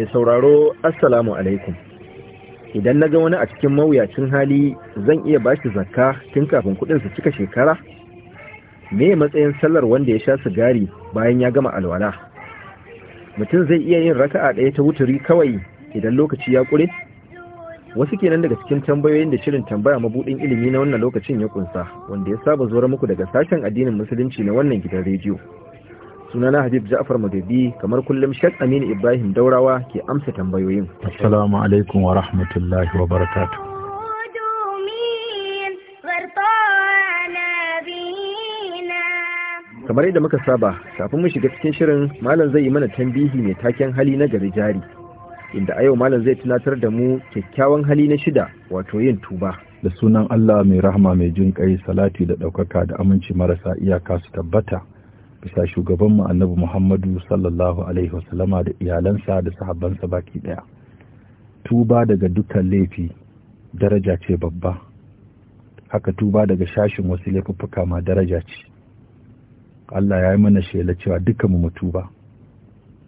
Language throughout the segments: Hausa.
mai sauraro assalamu alaikum idan na ga wani a cikin mawuyacin hali zan iya bashi zakka tun kafin kudin su cika shekara me matsayin sallar wanda ya sha sigari bayan ya gama alwala mutum zai iya yin raka'a ɗaya ta wuturi kawai idan lokaci ya ƙure wasu kenan daga cikin tambayoyin da shirin tambaya mabudin ilimi na wannan lokacin ya kunsa wanda ya saba zuwa muku daga sashen addinin musulunci na wannan gidan rediyo sunana habib ja'far madadi kamar kullum shek aminu ibrahim daurawa ke amsa tambayoyin assalamu alaikum wa rahmatullahi wa barakatuh kamar yadda muka saba kafin mu shiga cikin shirin malam zai yi mana tambihi mai taken hali na gari jari inda a yau malam zai tunatar da mu kyakkyawan hali na shida wato yin tuba da sunan Allah mai rahama mai jin kai salati da ɗaukaka da aminci marasa iyaka su tabbata bisa shugaban mu annabi Muhammadu sallallahu alaihi wasallama da iyalansa da sahabbansa baki daya tuba daga dukkan laifi daraja ce babba haka tuba daga shashin wasu laifuffuka ma daraja ce Allah ya yi mana shela cewa dukan mu tuba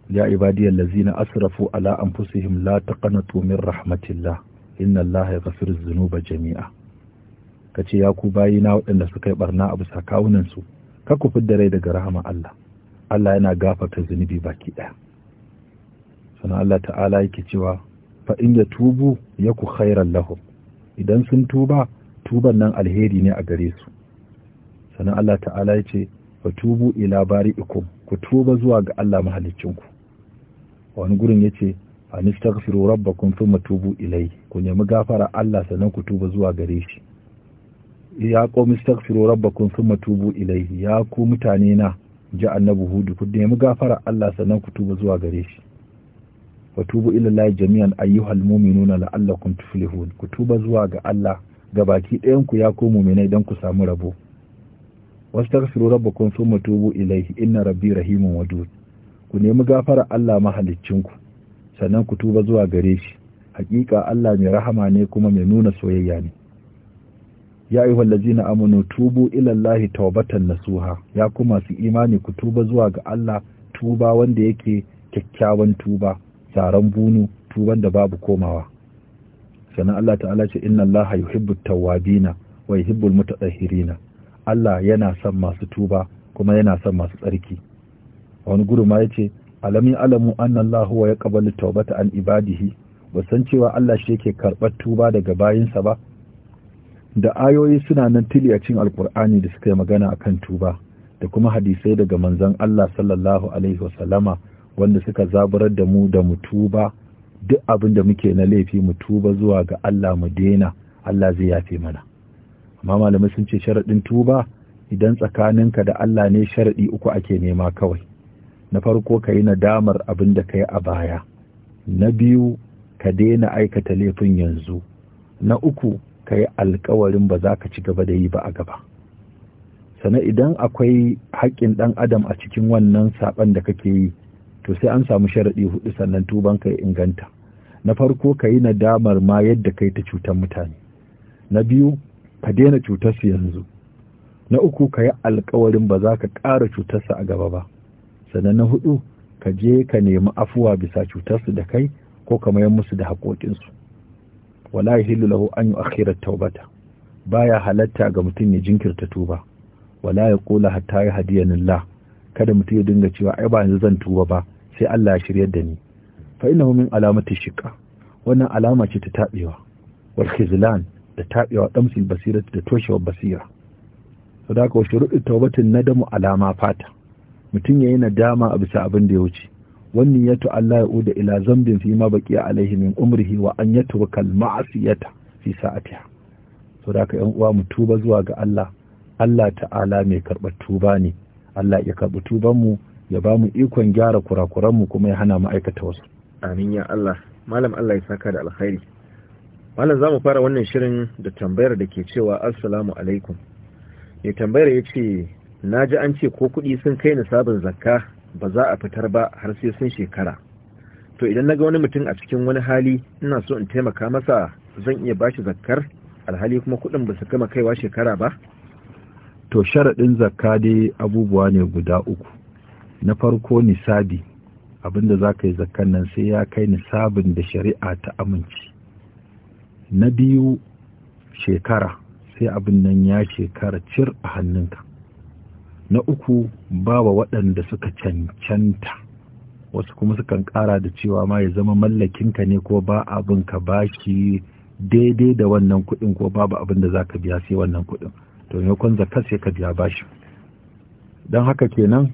ya ibadiyal lazina asrafu ala anfusihim la taqanatu min rahmatillah inna Allah ya dhunuba jami'a kace ce ya ku bayina waɗanda suka yi ɓarna a bisa su. ka ku fidda rai daga rahama Allah Allah yana gafarta zunubi baki ɗaya sannan Allah ta'ala yake cewa fa in ya tubu ya ku khairan lahum idan sun tuba tuban nan alheri ne a gare su sannan Allah ta'ala ya ce, fa tubu ila ikon, ku tuba zuwa ga Allah mahalicinku wani gurin ya ce, yace Rabba kun fi tubu ilai ku nemi gafara Allah sannan ku tuba zuwa gare shi ya qaumi astaghfiru rabbakum thumma tubu ilayhi ya ku mutane na ji annabi hudu ku nemi gafara Allah sannan ku tuba zuwa gare shi wa tubu ila Allah jami'an ayyuhal mu'minuna la'allakum tuflihun ku tuba zuwa ga Allah ga baki ɗayan ku ya ku mu'minai dan ku samu rabo wastaghfiru rabbakum thumma tubu ilayhi inna rabbi rahimun wadud ku nemi gafara Allah mahaliccin ku, sannan ku tuba zuwa gare shi haƙiƙa Allah mai rahama ne kuma mai nuna soyayya ne ya ayyuhal ladzina amanu tubu ila Allahi tawbatan nasuha ya kuma su imani ku tuba zuwa ga Allah tuba wanda yake kyakkyawan tuba saran bunu tuban da babu komawa sannan Allah ta'ala ce inna Allaha yuhibbu na wa yuhibbul na Allah yana son masu tuba kuma yana son masu tsarki wani guru ma yace alami alamu anna Allah huwa yaqbalu tawbata an ibadihi wasan cewa Allah shi yake karɓar tuba daga bayinsa ba da ayoyi suna nan tili a cikin alkur'ani da suka yi magana a kan tuba da kuma hadisai daga manzon Allah sallallahu alaihi wasallama wanda suka zaburar da mu da mu tuba duk abin da muke na laifi mu tuba zuwa ga Allah mu daina Allah zai yafe mana amma malamai sun ce sharaɗin tuba idan tsakaninka da Allah ne sharaɗi uku ake nema kawai na farko ka yi nadamar abin da ka yi a baya na biyu ka daina aikata laifin yanzu na uku ka yi alkawarin ba za ka ci gaba da yi ba a gaba sana idan akwai haƙƙin ɗan adam a cikin wannan saɓan da kake yi to sai an samu sharaɗi hudu sannan tuban ka yi inganta na farko ka yi nadamar ma yadda kai ta cutar mutane na biyu ka daina cutar su yanzu na uku ka yi alkawarin ba za ka ƙara cutarsa a gaba ba sannan na hudu ka je ka nemi afuwa bisa cutarsu da kai ko ka mayar musu da haƙoƙinsu wala yahillu lahu an yu'akhkhira Taubata baya halatta ga mutum ya jinkirta tuba wala ya kula hatta ya hadiyanillah kada mutum ya dinga cewa ai ba yanzu zan tuba ba sai Allah ya shiryar da ni fa innahu min alamati shiqqa wannan alama ce ta tabewa wal khizlan da tabewa damsil basirati da toshewar basira sadaka wa shuruɗu tawbatin nadamu alama fata mutum yayi nadama a bisa abin da ya wuce wannan ya Allah ya uda ila zambin fi ma baki alaihi min umrihi wa an yatruka al ma'siyata fi sa'atiha so da ka yan uwa mu tuba zuwa ga Allah Allah ta'ala mai karɓar tuba ne Allah ya karɓi tuban mu ya ba mu ikon gyara kurakuran mu kuma ya hana mu aikata wasu amin ya Allah malam Allah ya saka da alkhairi malam zamu fara wannan shirin da tambayar da ke cewa assalamu alaikum ya tambayar yace ce na ji an ce ko kuɗi sun kai nisabin zakka ba za a fitar ba har sai sun shekara to idan naga wani mutum a cikin wani hali ina so in taimaka masa zan iya bashi zakkar alhali kuma kuɗin ba su kama kaiwa shekara ba to sharaɗin zakka dai abubuwa ne guda uku na farko nisabi abinda za ka yi zakkan nan sai ya kai nisabin da shari'a ta aminci na biyu shekara sai abin nan ya shekara cir a hannunka na uku bawa waɗanda suka cancanta wasu kuma sukan ƙara da cewa ma ya zama mallakinka ne ko ba abin ka baki daidai da wannan kuɗin ko babu abin da za ka biya sai wannan kuɗin to kun zakka sai ka biya bashi don haka kenan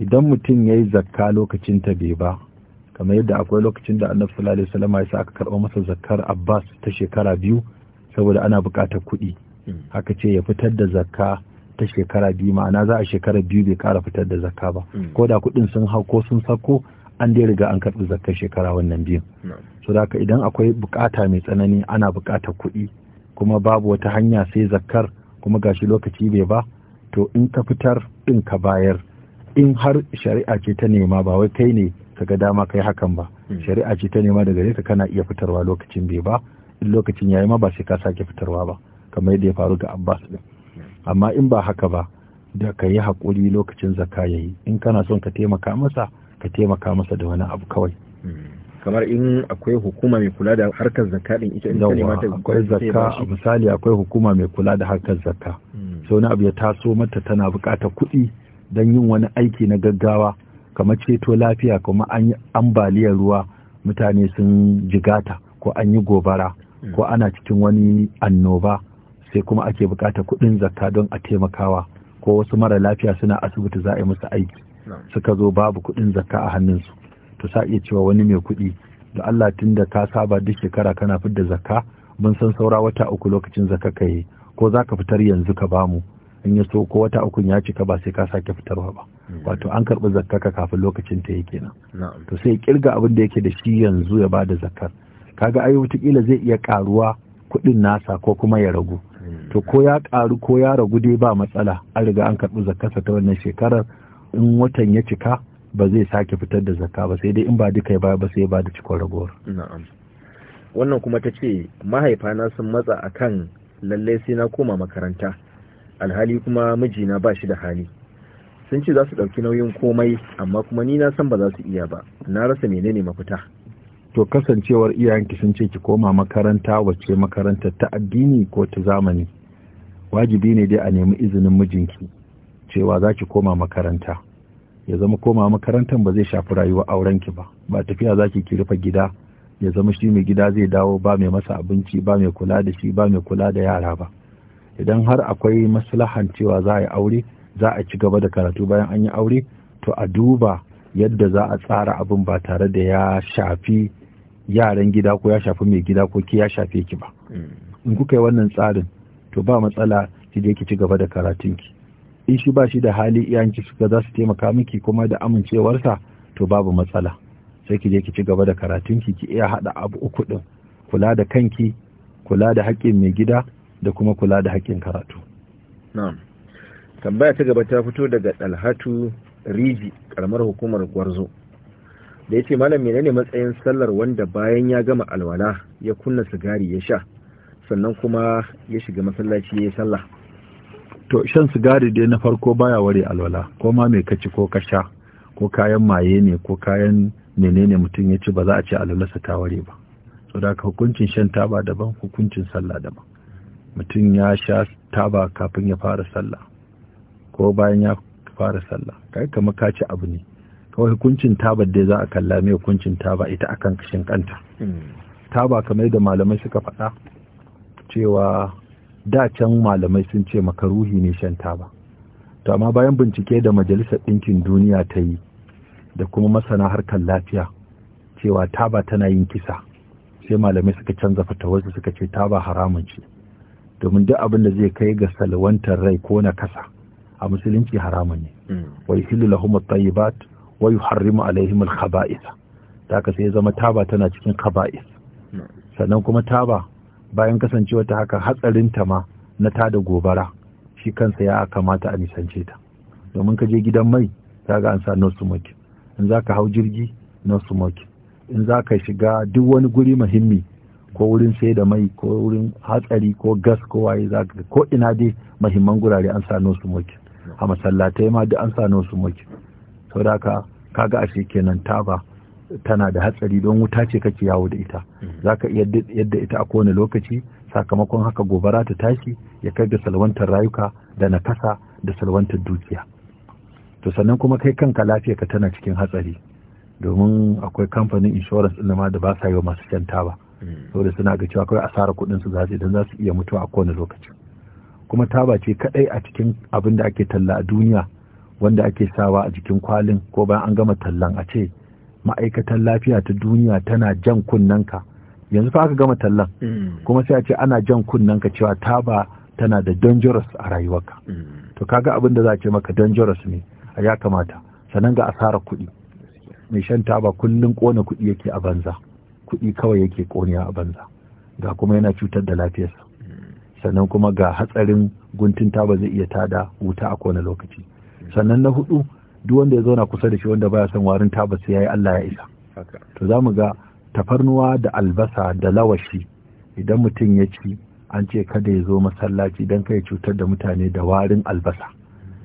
idan mutum ya yi zakka lokacin ta bai ba kamar yadda akwai lokacin da annabi sallallahu alaihi wasallam ya sa aka karɓa masa zakkar Abbas ta shekara biyu saboda ana buƙatar kuɗi haka hmm. ce ya fitar da zakka ta shekara biyu ma'ana za a shekara biyu bai kara fitar da zakka ba mm. ko da kuɗin sun hau ko sun sako an dai riga an karɓi zakkar shekara wannan biyun so da haka idan akwai bukata mai tsanani ana bukatar kuɗi kuma babu wata hanya sai zakkar kuma gashi lokaci bai ba to in ka fitar ɗin ka bayar in har shari'a ce ta nema ba wai kai ne ka ga dama kai hakan ba mm. shari'a ce ta nema daga ka kana iya fitarwa lokacin bai ba in lokacin yayi ma ba sai ka sake fitarwa ba kamar yadda ya faru ga Abbas din amma in ba haka ba da ka yi haƙuri lokacin zaka ya yi in kana son ka taimaka masa ka taimaka masa da wani abu kawai hmm. kamar in akwai hukuma mai kula da harkar zaka din ita in kane mata akwai zaka misali akwai hukuma mai kula da harkar zakka hmm. so wani abu ya taso mata tana buƙatar kuɗi don yin wani aiki na gaggawa kamar ceto lafiya kuma an yi ambaliyar ruwa mutane sun jigata ko an yi gobara ko hmm. ana cikin wani annoba sai kuma ake bukata kuɗin zakka don a taimakawa ko wasu mara lafiya suna asibiti za a yi musu aiki suka zo babu kuɗin zakka a hannunsu to sa iya cewa wani mai kuɗi da Allah tun da ka saba duk shekara kana fidda zakka mun san saura wata uku lokacin zakka ka yi ko za ka fitar yanzu ka bamu in ya so ko wata uku ya cika ba sai ka sake fitarwa ba hmm. wato an karɓi zakka ka kafin lokacin ta yake nan to sai kirga abin da yake da shi yanzu ya bada zakkar kaga ai wataƙila zai iya karuwa kuɗin nasa ko kuma ya ragu Hmm. to ko ya karu ko ya ragu dai ba matsala an riga an karɓi zakarsa ta wannan shekarar in watan ya cika ba zai sake fitar da zakka ba sai dai in ba duka ya ba sai ba da cikon ragowar na'am wannan kuma ta ce mahaifana sun matsa a kan lallai sai na koma makaranta alhali kuma mijina ba shi da hali sun ce za su ɗauki nauyin komai amma kuma ni na san ba za su iya ba na rasa menene mafita to kasancewar iyayenki sun ce ki koma makaranta wacce makaranta ta addini ko ta zamani wajibi ne dai a nemi izinin mijinki cewa za ki koma makaranta ya zama koma makarantar ba zai shafi rayuwa aurenki ba ba tafiya za ki rufe gida ya zama shi mai gida zai dawo ba mai masa abinci ba mai kula da shi ba mai kula da yara ba idan har akwai maslahan cewa za a yi aure za a ci gaba da karatu bayan an yi aure to a duba yadda za a tsara abin ba tare da ya shafi yaran gida ko ya shafi mai gida ko ki ya shafe ki ba in kuka yi wannan tsarin to ba matsala ki je ki ci gaba da ki. in shi ba shi da hali iyayenki suka za su taimaka miki kuma da amincewarsa to babu matsala sai ki je ki ci gaba da karatun ki ki iya haɗa abu uku ɗin kula da kanki kula da haƙƙin mai gida da kuma kula da haƙƙin karatu na'am tambaya ta gaba ta fito daga dalhatu riji karamar hukumar gwarzo da ya ce malam menene matsayin sallar wanda bayan ya gama alwala ya kunna sigari ya sha sannan kuma ya shiga masallaci ya yi sallah to shan sigari dai na farko baya ware alwala ko ma mai kaci ko ka sha ko kayan maye ne ko kayan menene mutum ya ci ba za a ce alwalarsa ta ware ba so da hukuncin shan taba daban hukuncin sallah daban mutum ya sha taba kafin ya fara sallah ko bayan ya fara sallah kai kamar ka ci abu ne kawai hukuncin taba dai za a kalla mai hukuncin taba ita akan kashin kanta taba kamar da malamai suka faɗa cewa da can malamai sun ce makaruhi ne shan taba to amma bayan bincike da majalisar ɗinkin duniya ta yi da kuma masana harkar lafiya cewa taba tana yin kisa sai malamai suka canza fatawarsu suka ce taba haramun ce domin duk abin da zai kai ga salwantar rai ko na kasa a musulunci haramun ne hmm. wai hilu lahum tayyibat wa yuharrimu alaihim al-khaba'ith ta ka sai zama taba tana cikin khaba'ith sannan kuma taba bayan kasancewa ta haka hatsarin ta ma na ta da gobara shi kansa ya kamata a nisance ta domin ka je gidan mai kaga an sa no smoke in zaka hau jirgi no smoke in zaka shiga duk wani guri muhimmi ko wurin sai da mai ko wurin hatsari ko gas ko waye zaka ko ina dai muhimman gurare an sa no smoke a masallatai ma duk an sa no smoke saboda kaga ashe kenan taba tana da hatsari don wuta ce kake yawo da ita mm-hmm. zaka iya yadda ita a kowane lokaci sakamakon haka gobara ta tashi ya kai ga salwantar rayuka da nakasa da salwantar dukiya to sannan kuma kai kanka lafiyarka tana cikin hatsari domin akwai kamfanin insurance ɗin da ba sa yi wa masu shan taba mm-hmm. saboda suna ga cewa kawai asara kuɗin su zasu idan za iya mutuwa a kowane lokaci kuma taba ce kadai a cikin abin da ake talla a duniya wanda ake sawa a jikin kwalin ko bayan an gama tallan a ce ma'aikatan lafiya ta duniya tana jan kunnanka yanzu fa aka gama tallan mm. kuma sai a ce ana jan kunnanka cewa ba tana da dangerous a rayuwarka mm. to kaga abin da za a ce maka dangerous ne a ya kamata sannan ga asarar kuɗi mai shan taba kullum kona kuɗi yake a banza kuɗi kawai yake koniya a banza ga kuma yana cutar da lafiyarsa mm. sannan kuma ga hatsarin guntun taba zai iya tada wuta a kowane lokaci sannan na hudu duk wanda ya zauna kusa da shi wanda baya son warin taba sai yayi Allah ya isa to za mu ga tafarnuwa da albasa da lawashi idan mutum ya ci an ce kada ya zo masallaci dan kai cutar da mutane da warin albasa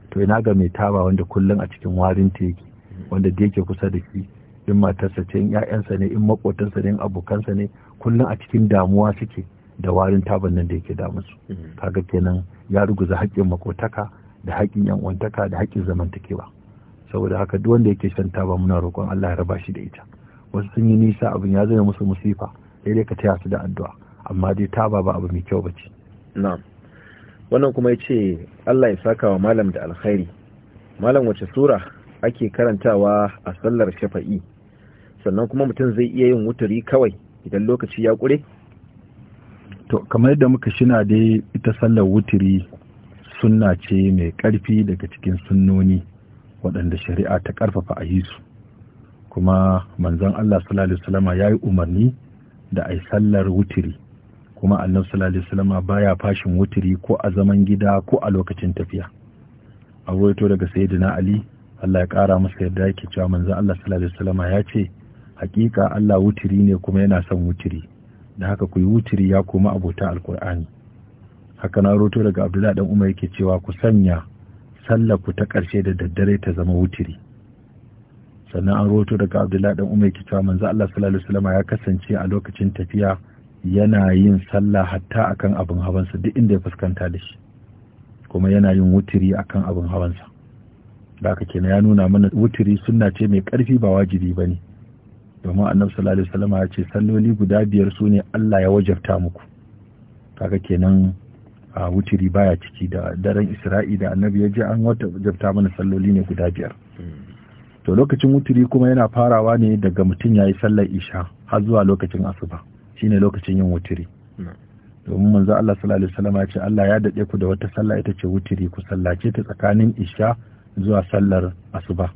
to ina ga mai taba wanda kullum a cikin warin ta yake wanda da yake kusa da shi in matarsa ce in ƴaƴansa ne in makotansa ne in abokansa ne kullum a cikin damuwa suke da warin taban nan da yake su mm-hmm. kaga kenan ya ruguza haƙƙin makotaka da haƙƙin yan uwantaka da haƙƙin zamantakewa saboda haka duk wanda yake shan taba muna roƙon Allah ya raba shi da ita wasu sun yi nisa abin ya zama musu musifa sai dai ka taya su da addu'a amma dai taba ba abu mai kyau bace na'am wannan kuma yace Allah ya saka wa malam da alkhairi malam wace sura ake karantawa a sallar shafa'i sannan kuma mutum zai iya yin wuturi kawai idan lokaci ya kure to kamar yadda muka shina dai ita sallar wuturi sunna ce mai ƙarfi daga cikin sunnoni waɗanda shari'a ta ƙarfafa a yi su kuma manzon Allah sallallahu ya yi umarni da a yi sallar wutiri kuma annabi sallallahu alaihi baya fashin wuturi ko a zaman gida ko a lokacin tafiya a ruwaito daga sayyidina Ali Allah ya ƙara masa yadda yake cewa manzon Allah sallallahu alaihi ya ce hakika Allah wutiri ne kuma yana son wutiri da haka ku yi wutiri ya kuma abota alkur'ani haka na roto daga abdullahi dan umar yake cewa ku sanya sallar ku ta ƙarshe da daddare ta zama wutiri sannan an roto daga abdullahi dan umar yake cewa manzo Allah sallallahu alaihi wasallam ya kasance a lokacin tafiya yana yin sallah hatta akan abin hawansa duk inda ya fuskanta da shi kuma yana yin wutiri akan abin hawansa da haka kenan ya nuna mana wutiri sunna ce mai karfi ba wajibi bane domin annabi sallallahu alaihi wasallam ya ce salloli guda biyar sune Allah ya wajabta muku kaga kenan a wutiri baya ciki da daren isra'i da annabi ya ji an wata jabta mana salloli ne guda biyar hmm. to lokacin wuturi kuma yana farawa ne daga mutum ya yi sallar isha har zuwa lokacin asuba shine lokacin yin wutiri hmm. domin manzo Allah sallallahu alaihi wasallam ya ce Allah ya dade ku da wata sallah ita ce wutiri ku sallace ta tsakanin isha zuwa sallar asuba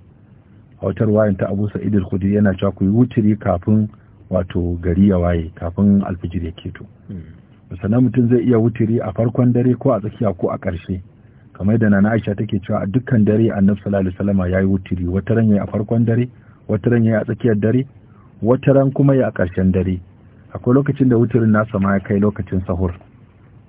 a wayan ta Abu Sa'id al-Khudri yana cewa ku yi wutiri kafin wato gari ya waye kafin alfijir ya keto hmm. sannan mutum zai iya wutiri a farkon dare ko a tsakiya ko a ƙarshe kamar da nana aisha take cewa a dukkan dare annabi sallallahu alaihi wasallam yayi wutiri wata ran yayi a farkon dare wata ran yayi a tsakiyar dare wata ran kuma yayi a ƙarshen dare akwai lokacin da wuturin nasa ma ya kai lokacin sahur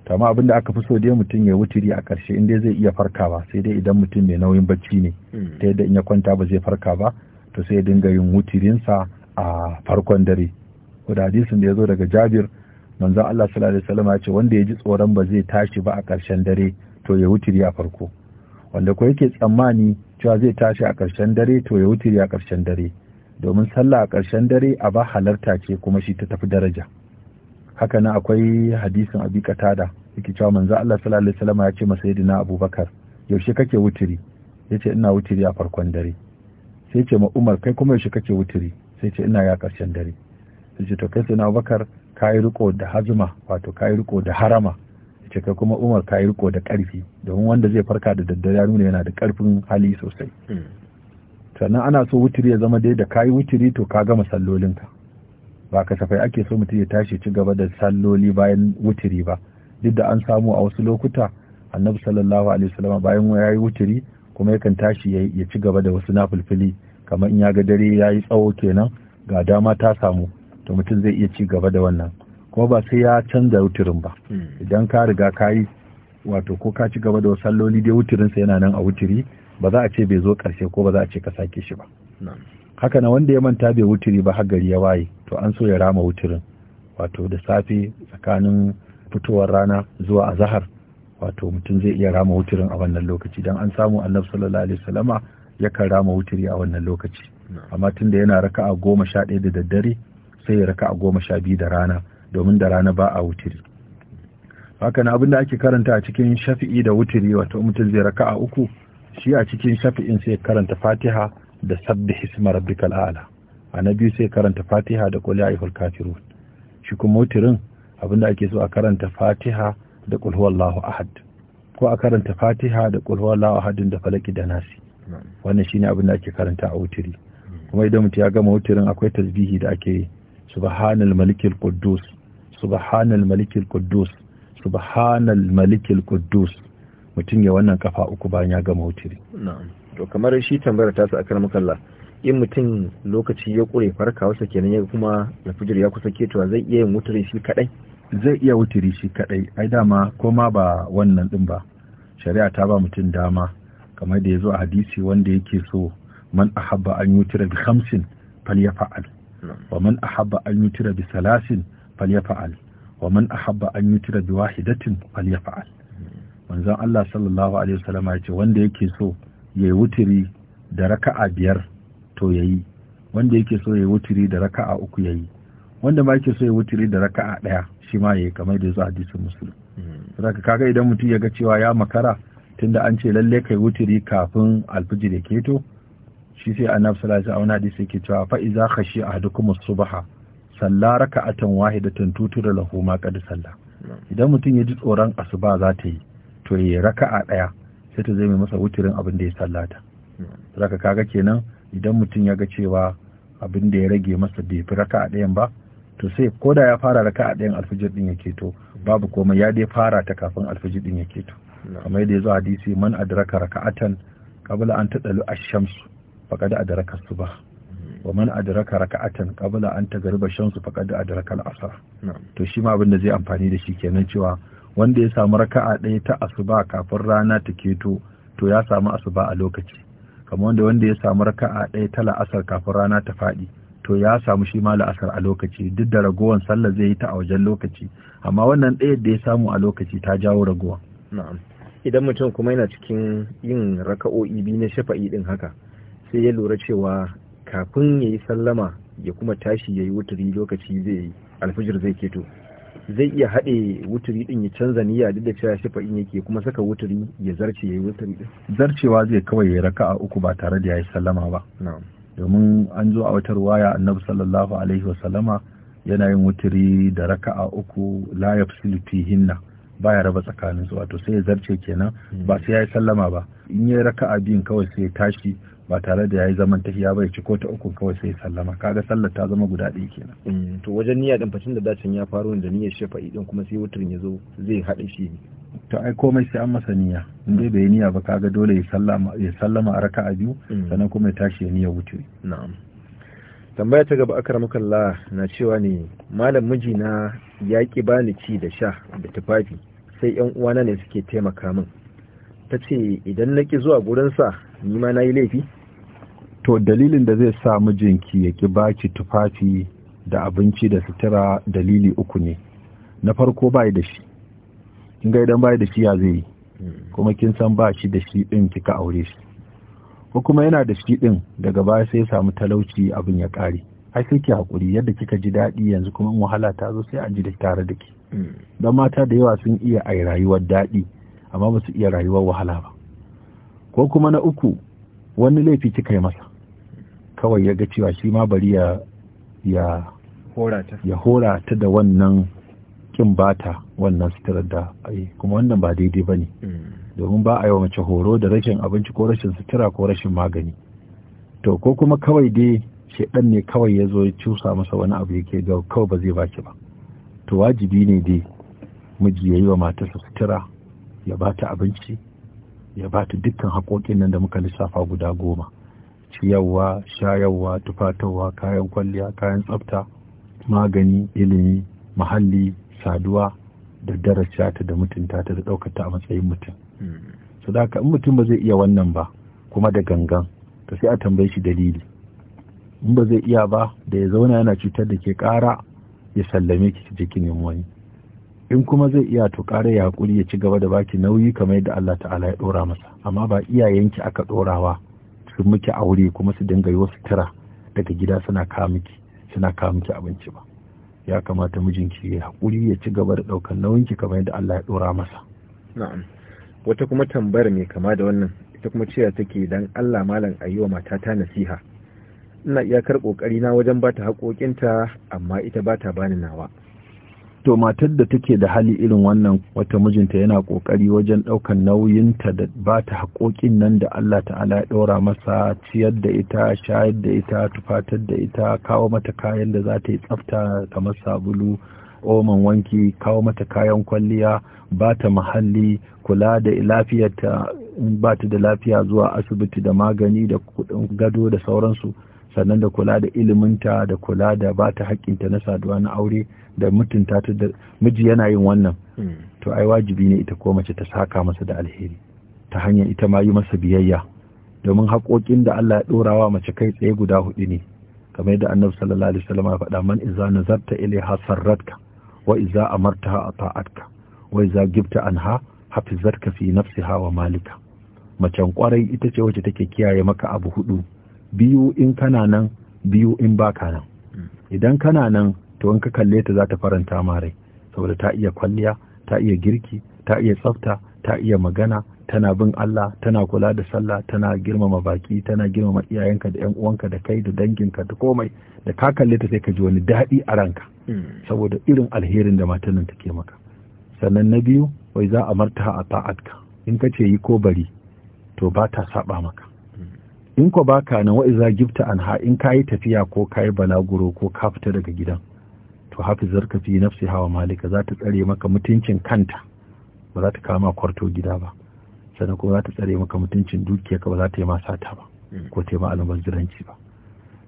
to abin da aka fi so dai mutum ya wutiri a ƙarshe inda zai iya farka farkawa sai dai idan mutum mai nauyin bacci ne hmm. ta yadda in ya kwanta ba zai farka ba to sai dinga yin wutirinsa a farkon dare ko da hadisin da ya zo daga jabir manzon Allah sallallahu alaihi wasallam ya ce wanda ya ji tsoron ba zai tashi ba a ƙarshen dare to ya wuturi a farko wanda ko yake tsammani cewa zai tashi a ƙarshen dare to ya wuturi a ƙarshen dare domin sallah a ƙarshen dare a ba halarta ce kuma shi ta tafi daraja haka nan akwai hadisin abi qatada yake cewa manzo Allah sallallahu alaihi wasallam ya ce masa sayyidina Abubakar yaushe kake wutiri yace ina wuturi a farkon dare sai ce ma Umar kai kuma yaushe kake wuturi? sai ce ina ya ƙarshen dare sai ce to kai na Abubakar kayi riko da hazuma wato kayi riko da harama ce kai kuma umar kayi riko da karfi domin wanda zai farka da daddare ya nuna yana da karfin hali sosai hmm. sannan ana so wutiri ya zama dai da kayi wutiri to ka gama ka ba kasafai ake so mutum ya tashi ci gaba da salloli bayan wutiri ba duk da an samu a wasu lokuta annabi sallallahu alaihi wasallam bayan ya yi wutiri kuma yakan tashi ya ci gaba da wasu nafilfili kamar in ya ga dare ya yi tsawo kenan ga dama ta samu to mutum zai iya ci gaba da wannan kuma ba sai ya canza wuturin ba hmm. idan ka riga ka yi wato ko ka ci gaba da salloli dai sa yana nan a wutiri ba za a ce bai zo karshe ko ba za a ce ka sake shi ba haka na wanda ya manta bai wutiri ba har gari ya waye to an so ya rama wuturin wato da safe tsakanin fitowar rana zuwa azahar wato mutum zai iya rama wuturin a wannan lokaci dan an samu annabi sallallahu alaihi wasallama yakan rama wuturi a wannan lokaci amma tunda yana raka'a goma sha ɗaya da daddare sai ya raka a goma sha biyu da rana domin da rana ba a wutiri haka na da ake karanta a cikin shafi'i da wutiri wata mutum zai raka a uku shi a cikin shafi'in sai karanta fatiha da sabbi hisma rabbikal a'la a na biyu sai karanta fatiha da qul ya ayyuhal kafirun shi kuma wutirin abinda ake so a karanta fatiha da qul huwallahu ahad ko a karanta fatiha da qul huwallahu ahad da falaki da nasi wannan shine abinda ake karanta a wutiri hmm. kuma idan mutum ya gama wutirin akwai tasbihi da ake سبحان malikil quddus سبحان malikil quddus سبحان malikil quddus mutum ya wannan kafa uku bayan ya gama wutiri to kamar shi tambayar ta su akar makalla in mutum lokaci ya kure farka wasa kenan ya kuma alfijir ya kusa ketowa zai iya yin wuturi shi kadai zai iya wuturi shi kadai ai dama ko ma ba wannan din ba shari'a ta ba mutum dama kamar da ya zo a hadisi wanda yake so man ahabba an yutira bi khamsin falyafa'al wa man ahabba an yutira bi salasin fa'al wa man ahabba an yutira bi wahidatin fa'al manzon Allah sallallahu alaihi wasallam ya ce wanda yake so yi wuturi da raka'a biyar to yi wanda yake so yi wuturi da raka'a uku yayi wanda ma yake so yi wutiri da raka'a daya shi ma yi kamar da yazo hadisin muslim hmm. saboda kaga idan mutum ya ga cewa ya makara tunda an ce ka yi wutiri kafin alfijir ya keto shi sai a nafsa lafi a wani hadisi yake cewa fa iza khashi ahadukum as-subha salla raka'atan tutu tutura lahu ma kadi salla idan mutum ya ji tsoron asuba za ta yi to ya a daya sai ta zai mai masa wutirin abin da ya sallata raka kaga kenan idan mutum ya ga cewa abin da ya rage masa bai fi raka a ɗayan ba to sai ko da ya fara raka raka'a dayan alfijir din yake to babu komai ya dai fara ta kafin alfijir din yake to kamar yadda ya zo hadisi man adraka raka'atan qabla an tadalu ash-shamsu faqad adraka ba wa man adraka raka'atan qabla an tagarba shansu faqad adraka al-asr to shi ma abin da zai amfani da shi kenan cewa wanda ya samu raka'a ɗaya ta asuba kafin rana ta keto to ya samu asuba a lokaci kamar wanda wanda ya samu raka'a ɗaya ta la'asar kafin rana ta faɗi to ya samu shi ma la'asar a lokaci duk da ragowar sallah zai yi ta a wajen lokaci amma wannan ɗaya da ya samu a lokaci ta jawo ragowa idan mutum kuma yana cikin yin raka'o'i biyu na shafa'i din haka sai ya lura cewa kafin ya yi sallama ya kuma tashi ya yi wuturi lokaci zai alfijir zai keto zai iya haɗe wuturi ɗin ya canza niyya duk da cewa shafa in yake kuma saka wuturi ya zarce ya yi wuturi ɗin zarcewa zai kawai ya raka'a uku ba tare da ya yi sallama ba domin an zo a wata ruwaya annabi sallallahu alaihi wa yana yin wuturi da raka'a uku la hinna. Ba ya raba tsakanin su wato sai ya zarce kenan ba hmm. sai ya yi sallama ba in ya raka'a biyun kawai sai ya tashi ba tare da yayi zaman tafiya ba ya ci ko ta uku kawai sai sallama kaga sallar ta zama guda ɗaya kenan mm, to wajen niyya din facin da dacin ya faru da niyyar shafa'i idan kuma sai wutar ya zo zai haɗa shi to ai komai sai an masa niyya in dai bai niyya ba kaga dole ya sallama ya sallama a raka'a biyu mm. sannan kuma ya tashi ya niyya wuce na'am tambaya ta gaba akramakan na cewa ne malam mijina ya ki bani ci da sha da tufafi sai yan uwana ne suke taimaka min ta ce idan na ki zuwa gurinsa ni ma na yi laifi to dalilin da zai sa mijinki ya ki baki tufafi da abinci da sutura dalili uku ne na farko bai da shi kin ga idan bai da shi ya zai yi hmm. kuma kin san ba shi da shi din kika aure shi ko kuma yana da shi din daga baya sai ya samu talauci abin ya kare ai sai ki hakuri yadda kika ji daɗi yanzu kuma in wahala ta zo sai a ji da tare da ki hmm. dan mata da yawa sun iya ai rayuwar daɗi amma ba su iya rayuwar wahala ba ko kuma na uku wani laifi kika yi masa kawai ya ga cewa shi ma bari ya ya hora ta da wannan kin bata wannan suturar da ai kuma wannan ba daidai ba ne hmm. domin ba a yi wa mace horo da rashin abinci ko rashin sutura ko rashin magani to ko kuma kawai dai dan ne kawai ya zo ya cusa masa wani abu yake ga kawai ba zai baki ba to wajibi ne dai miji ya yi wa matarsa sutura ya bata abinci ya bata dukkan haƙoƙin nan da muka lissafa guda goma ciyarwa shayarwa tufatarwa kayan kwalliya kayan tsafta magani ilimi muhalli saduwa da daraja ta da mutunta ta da ɗaukata a matsayin mutum hmm. sadaka da in mutum ba zai iya wannan ba kuma da gangan to sai a tambaye shi dalili in ba zai iya ba da ya zauna yana cutar da ke ƙara ya sallame ki jikin wani in kuma zai iya to ƙara ya haƙuri ya ci gaba da baki nauyi kamar yadda Allah ta'ala ya ɗora masa amma ba iyayenki aka ɗorawa su miki aure kuma su dinga yi wasu tira daga gida suna kawo miki suna kawo miki abinci ba ya kamata mijinki ya haƙuri ya ci gaba da ɗaukar nauyinki kamar yadda Allah ya ɗora masa na'am wata kuma tambayar mai kama da wannan ita kuma cewa take dan Allah malam ayi wa matata nasiha ina iyakar kokari na wajen ta haƙoƙinta amma ita ba ta bani nawa to matar da take da hali irin wannan wata mijinta yana kokari wajen daukan nauyinta da ba ta haƙoƙin nan da Allah ta'ala ya ɗora masa ciyar da ita shayar da ita tufatar da ita kawo mata kayan da za ta yi tsafta kamar sabulu oman wanki kawo mata kayan kwalliya ba ta mahalli kula da lafiyarta ba ta da lafiya zuwa asibiti da magani da kuɗin gado da sauransu sannan da kula da iliminta da kula da ba ta haƙƙinta na saduwa na aure da mutunta ta da miji yana yin wannan hmm. to ai wajibi ne ita ko mace ta saka masa da alheri ta hanyar ita ma yi masa biyayya domin haƙoƙin da Allah ya wa mace kai tsaye guda hudu ne kamar yadda annabi sallallahu alaihi wasallam ya faɗa man iza nazarta ilaiha sarratka wa iza amartaha ata'atka wa iza gibta anha hafizatka fi nafsiha wa malika macen kwarai ita ce wacce take kiyaye maka abu hudu biyu in kana nan biyu in baka nan idan kana nan to in ka kalle ta za ta faranta ma rai saboda ta iya kwalliya ta iya girki ta iya tsafta ta iya magana tana bin Allah tana kula da sallah tana girmama baki tana girmama iyayenka da 'yan uwanka da kai da danginka da komai da ka kalle ta sai ka ji wani daɗi a ranka saboda irin alherin da matan nan take maka sannan na biyu wai za a marta a ta'atka in ka ce yi ko bari to ba ta saba maka in ko baka nan wa iza gifta anha in kayi tafiya ko kayi balaguro ko ka fita daga gidan to hafizar ka fi nafsi hawa malika za ta tsare maka mutuncin kanta ba za ta kama kwarto gida ba sannan kuma za ta tsare maka mutuncin dukiya ka ba za ta yi ma sata ba hmm. ko ta yi ma almubazziranci ba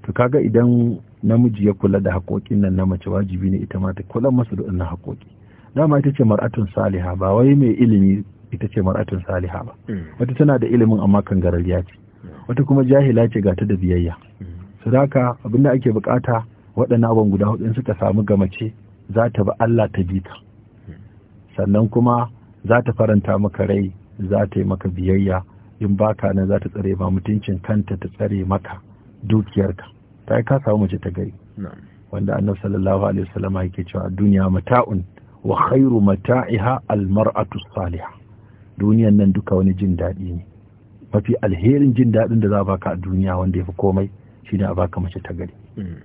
to kaga idan namiji ya kula da haƙoƙin nan na mace wajibi ne ita ma ta kula masa da wannan haƙoƙi dama ita ce mar'atun saliha ba wai mai ilimi ita ce mar'atun saliha ba hmm. wata tana da ilimin amma kan garariya ce wata kuma jahila ce ga ta da biyayya abin da ake bukata waɗannan abin guda hudu in suka samu ga mace za ta bi Allah ta bi sannan kuma za ta faranta maka rai za ta yi maka biyayya in baka nan za ta tsare ba mutuncin kanta ta tsare maka dukiyarka ta yi ka samu mace ta gari wanda annabi sallallahu alaihi wasallam yake cewa duniya mata'un wa khairu mata'iha al-mar'atu salihah duniyan nan duka wani jin daɗi ne mafi alherin jin daɗin da za a baka a duniya wanda ya fi komai shine a baka mace ta gari hmm.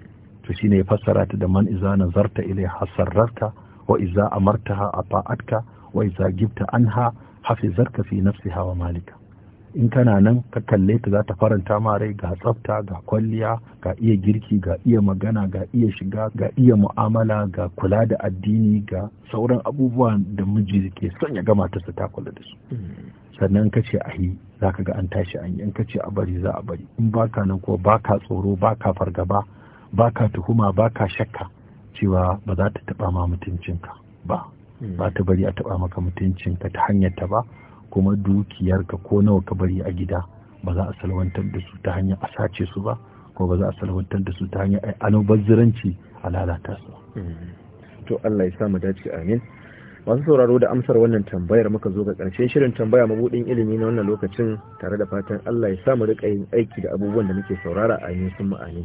to shine ya fassara ta da man iza zarta ilai hasararta wa iza amartaha fa'atka wa iza gibta anha hafizarka fi nafsiha hawa malika in kana nan ka kalle ta za ta faranta ma rai ga tsafta ga kwalliya ga iya girki ga iya magana ga iya shiga ga iya mu'amala ga kula da addini ga sauran abubuwan da miji ke son ya gama ta ta kula da su hmm. sannan ka ce a yi za ka ga an tashi an yi in ka ce a bari za a bari in baka nan ba baka tsoro baka fargaba baka tuhuma baka shakka cewa ba za ta taba ma mutuncinka ba hmm. ba ta bari a taba maka mutuncinka ta hanyar ta ba kuma dukiyarka ko nawa ka bari a gida ba za a salwantar da su ta hanyar a sace su ba ko ba za a salwantar da su ta hanyar almubazziranci a lalata su hmm. to Allah ya sa mu dace amin masu sauraro da amsar wannan tambayar muka zo ga ƙarshen shirin tambaya mabudin ilimi na wannan lokacin tare da fatan Allah ya samu rika yin aiki da abubuwan da muke saurara a yin sun ma'ani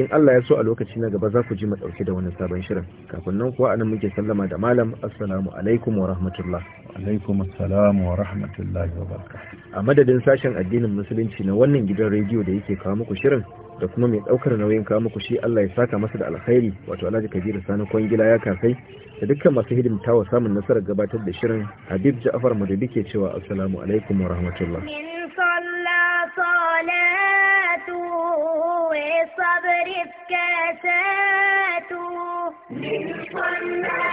in Allah ya so a lokaci na gaba za ku ji mu da wani sabon shirin kafin nan kuwa anan muke sallama da malam assalamu alaikum wa rahmatullah wa alaikum assalam wa rahmatullahi wa barakatuh a madadin sashen addinin musulunci na wannan gidan rediyo da yake kawo muku shirin da kuma mai daukar nauyin kawo muku shi Allah ya saka masa da alkhairi wato Alhaji Kabiru Sani Kwangila ya kasai da dukkan masu hidimta wa samun nasarar gabatar da shirin Habib Ja'far Madadi ke cewa assalamu alaikum wa rahmatullah صبر في كاساته من صلاه